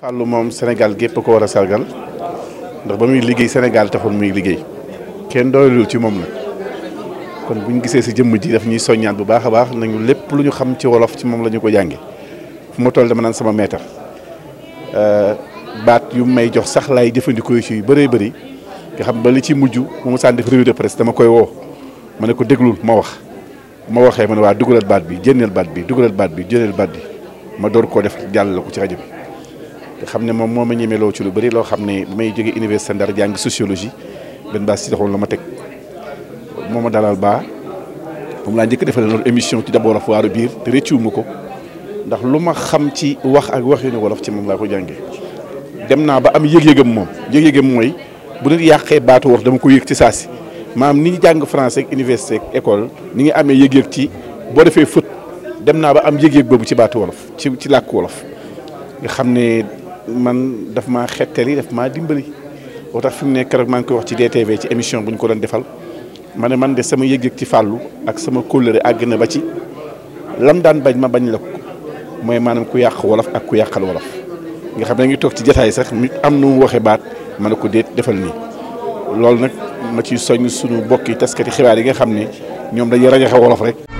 fallu mom senegal gep ko wara sargal ndax bamuy liggey senegal taxul muy liggey ken doyalul ci mom la kon buñ gisé ci jëm ji daf ñuy soññaat bu baaxa baax nañu lepp luñu xam ci wolof ci mom lañu ko jànge fu ma toll dama nan sama maître euh, baat yu may jox sax lay jëfandikoo ci yu bëree bëri nga xam ba li ci muju mu saan def revue de presse dama koy wo mané ko déglul ma wax ma waxé ma wa dugulat baat bi jénneel baat bi dugulat baat bi jénneel baat bi ma dor ko def jàll ko ci radio nga xam ne moom moo ma ñemeloo ci lu bari loo xam ne may jógee université Ndar jàng sociologie benn baa si taxoon la ma teg moo ma dalal baa moom laa njëkk defal loolu émission ci d'abord waaru biir te ma ko ndax lu ma xam ci wax ak wax yu wolof ci moom laa ko jàngee dem naa ba am yëg-yëgam moom yëg-yëgam mooy bu nit yàqee baatu wax dama ko yëg ci saa si maam ni ñu jàng français ak université ak ni ngi amee yëg-yëg ci boo defee fët dem naa ba am yëg-yëg boobu wolof ci ci làkk wolof man daf maa xettali daf maa dimbali boo tax fi mu ne keroog maa ngi koy wax ci DTV ci émission bu ñu ko doon defal ma ne man de sama yëg-yëg ci fàllu ak sama kóllëre àgg na ba ci lam daan bañ ma bañ la ko mooy maanaam ku yàq wolof ak ku yàqal wolof nga xam ne ngi toog ci jataay sax mi am nu mu baat ma ne ko déet defal nii loolu nag ma ci soññ suñu bokki taskati xibaar yi nga xam ne ñoom dañuy rajaxe wolof rek